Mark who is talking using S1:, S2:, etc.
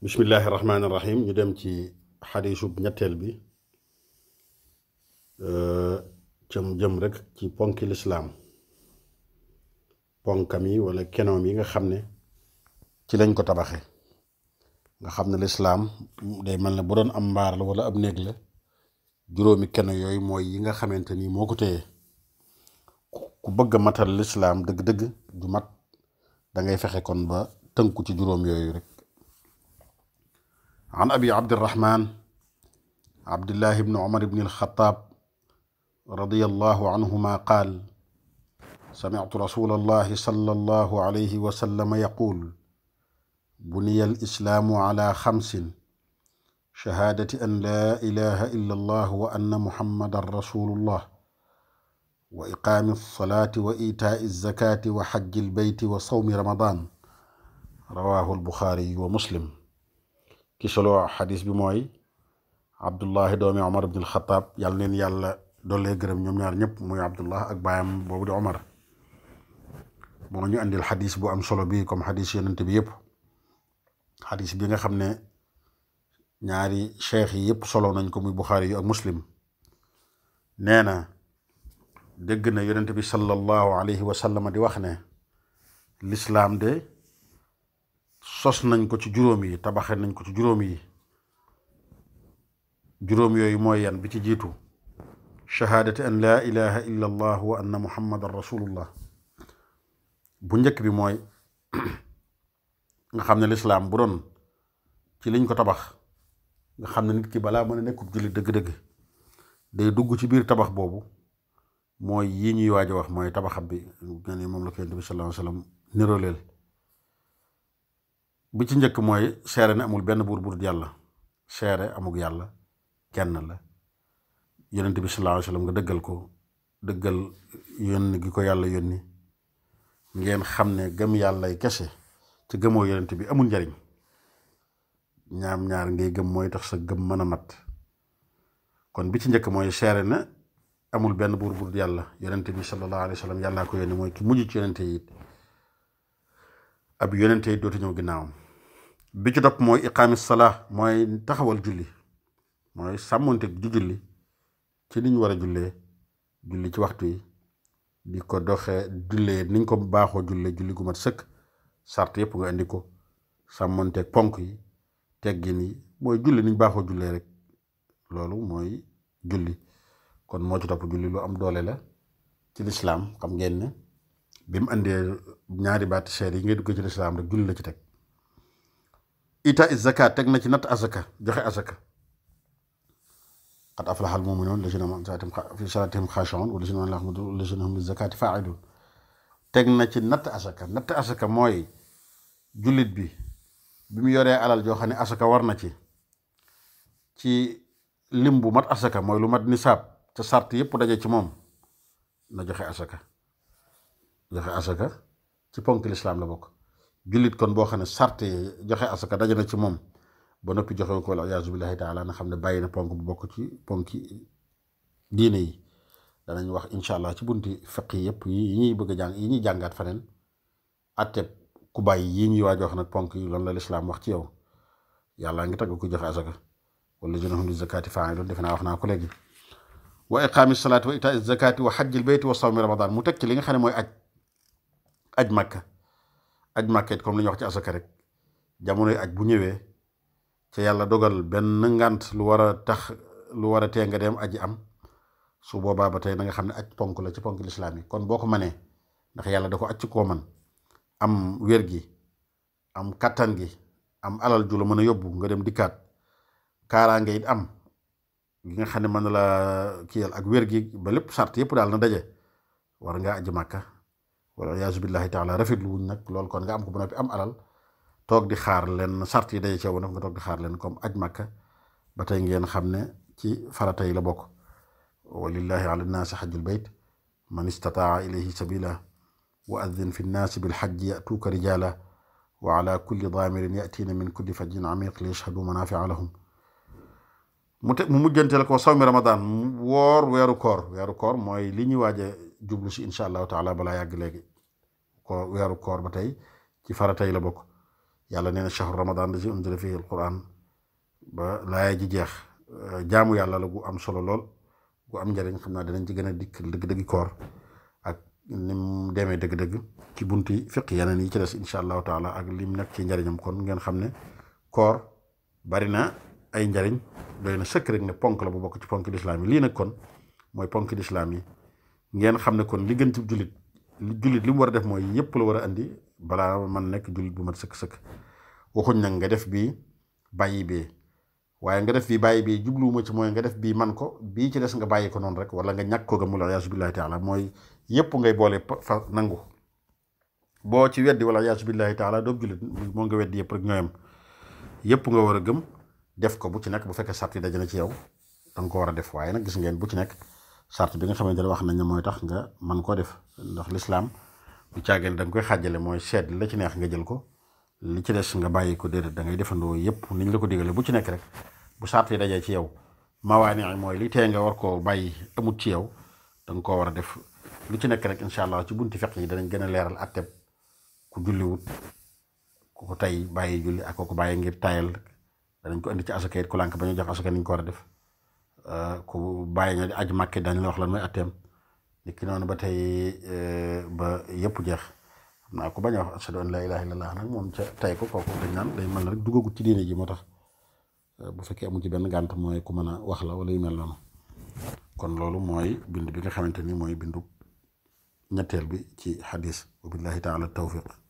S1: بسم الله الرحمن الرحيم ندم تي حديث ابن تلبي جم جمرك رك تي بونك الإسلام بونكامي ولا كنومي غا خمنا تي لن كتب أخي الإسلام دائما من لبرون أمبار ولا أبنك جرو مكنا يوي موي غا خمنا تني موكو تي كو الإسلام دق دق دو مات دا با تنكو جرو ميوي رك عن أبي عبد الرحمن عبد الله بن عمر بن الخطاب رضي الله عنهما قال سمعت رسول الله صلى الله عليه وسلم يقول بني الإسلام على خمس شهادة أن لا إله إلا الله وأن محمد رسول الله وإقام الصلاة وإيتاء الزكاة وحج البيت وصوم رمضان رواه البخاري ومسلم ki solo hadith bi moy abdullah doomi omar ibn al-khattab yal neen yàlla dole gërëm ñom ñaar ñep muy abdullah ak bayam bobu di umar mo ñu andil hadith bu am solo bi comme hadith yonent bi yep hadith bi nga xamne ñaari cheikh yi yep solo nañ ko muy bukhari ak muslim neena deug na yonent bi sallallahu alayhi wa sallam di wax ne l'islam de sos nañ ko ci juróom yi tabaxe nañ ko ci juróom yi juróom yooyu mooy yan bi ci jiitu shahadati an laa ilaha illa allah wa anna muhammadan rasulullah bu njëkk bi mooy nga xam ne lislaam bu doon ci liñ ko tabax nga xam ne nit ki balaa mën a nekkub julli dëgg-dëgg day dugg ci biir tabax boobu mooy yi ñuy waaj a wax mooy tabaxab bi nga ne moom la ko yonent bi sallallahu alayhi sallam niroleel bi ci njëkk mooy seere ne amul benn buur bu yàlla seere amul yàlla kenn la yonent bi nga dëggal ko dëggal yónni ko yàlla yónni ngeen xam ne gëm yàllay kese te gëmoo yonent bi amul njariñ ñaam ñaar ngay gëm mooy tax sa gëm mën a mat kon bi ci njëkk mooy seere ne amul benn buur yàlla yonent bi sallallahu alayhi wa yàllaa ko yónni mooy ki mujj ci yonent yi ab yonent yi dootu ñëw ginnaawam bi ci topp mooy iqaami salaa mooy taxawal julli mooy sàmmonte di julli ci ni war a jullee julli ci waxtu yi di ko doxee jullee niñ ko baaxoo jullee julli gu mat sëkk sart yëpp nga indi ko sàmmonteeg ponk yi teggin yi mooy julli niñ baaxoo jullee rek loolu mooy julli kon moo ci topp julli lu am doole la ci lislaam xam ngeen ne bi mu indee ñaari baati seer yi ngay dugg ci lislaam rek julli la ci teg ita is zakat teg na ci natt asaka joxe asaka qad aflaha al muminuun lazina hum fi salatihim xaashi'uun wa lazina hum lazina hum li zakati faa'iluun teg na ci natt asaka natt asaka mooy jullit bi bi mu yoree alal joo xam ne asaka war na ci ci lim bu mat asaka mooy lu mat nisaab te sart yëpp daje ci moom na joxe asaka joxe asaka ci ponk lislaam la bokk جلد كون بو خاني سارتي جخي اسكا داجنا سي موم با نوبي جخي كو الله يعز بالله تعالى انا خامني باينا بونك بو بوكو ديني دا نني ان شاء الله سي بونتي فقه ييب ني ني بوجا جان ني جانغات فنن اتيب كو باي يي ني واج واخ نا بونك لون لا الاسلام واخ سي يو يالا نغي تاغ كو ولا جنهم للزكاه فاعل دفنا واخنا كو ليغي واقام الصلاه وايتاء الزكاه وحج البيت وصوم رمضان متك ليغا خاني موي اج aj market comme li ñuy wax ci asaka rek jamono aj bu ñëwee ci yalla dogal ben ngant lu wara tax lu wara nga dem aji am su boba ba tay nga xamné aj ponk la ci ponk l'islam yi kon boko mané ndax yalla dako acc ko man am wër gi am katangi gi am alal ju la mëna yobbu dikat nga dem it am gi nga xamné man la kiyal ak wër gi ba lepp charte yépp dal na dajé war nga aji makka wala yaasu billahi taala rafetlu wuñ nag loolu kon nga am ko ba noppi am alal toog di xaar leen sart yi daje ca woon toog di xaar leen kom aj makka ba tey ngeen xam ne ci farata la bokk walillahi ala nnaasi xajjul bayt mooy li ñuy waaj a si incha allahu taala balaa yàgg léegi koor weeru koor ba tey ci faratay la bokk yàlla nee na shahru ramadan lazi unzila fihi alquran ba laaya ji jeex jaamu yàlla la gu am solo lool gu am njëriñ xam naa dinañ ci gën a dikk dëgg-dëgg koor ak ni demee dëgg-dëgg ci bunti fiq yeneen yi ci des incha allahu taala ak lim nekk ci njëriñam kon ngeen xam ne koor bari na ay njariñ doy na sëkk rek ne ponk la bu bokk ci ponk lislaam yi lii nag kon mooy ponk lislaam yi ngeen xam ne kon li gën ci jullit jullit li mu war a def mooy yëpp la war a andi balaa man nekk jullit bu mat sëkk-sëkk waxuñ nag nga def bii bàyyi bii waaye nga def bii bàyyi bii jubluwuma ci mooy nga def bii man ko bii ci des nga bàyyi ko noonu rek wala nga ñàkk ko gëmul aliyaasu billaahi taala mooy yëpp ngay boole fa nangu boo ci weddi wala aliyaasu billaahi taala doob jullit moo nga weddi yëpp rek ñooyam yëpp nga war a gëm def ko bu ci nekk bu fekkee sàrt yi daje na ci yow danga ko war a def waaye nag gis ngeen bu ci nekk sart bi nga xamante ne wax nañ ne mooy tax nga man koo def ndax lislaam bu caageen da nga koy xaajale mooy seet la ci neex nga jël ko li ci des nga bàyyi ko déedéet da ngay defandoo yépp niñ la ko digale bu ci nekk rek bu sart yi dajee ci yow mawaani mooy li tee nga war koo bàyyi amut ci yow da nga koo war a def lu ci nekk rek incha allah ci bunti fiq yi danañ gën a leeral atteb ku julliwut ku ko tey bàyyi julli ak ku ko bàyyi ngir tayal danañ ko indi ci asaka it ku lànk ba ñu jox asaka niñ ko war a def Euh, ku bàyyi nga aj màkki dañ la wax lan mooy atteem ni ki noonu ba tey euh, ba yëpp jeex xam naa ku bañ a wax ashadu an laa ilaaha illallaah nag moom ca tey ko kooku dañ naan day mel ne rek duggagut ci diine ji moo tax euh, bu fekkee amu ci benn gànt mooy ku mën a wax la wala yu mel noonu kon loolu mooy bind bi nga xamante ni mooy bindu ñetteel bi ci xadis wa billaahi taala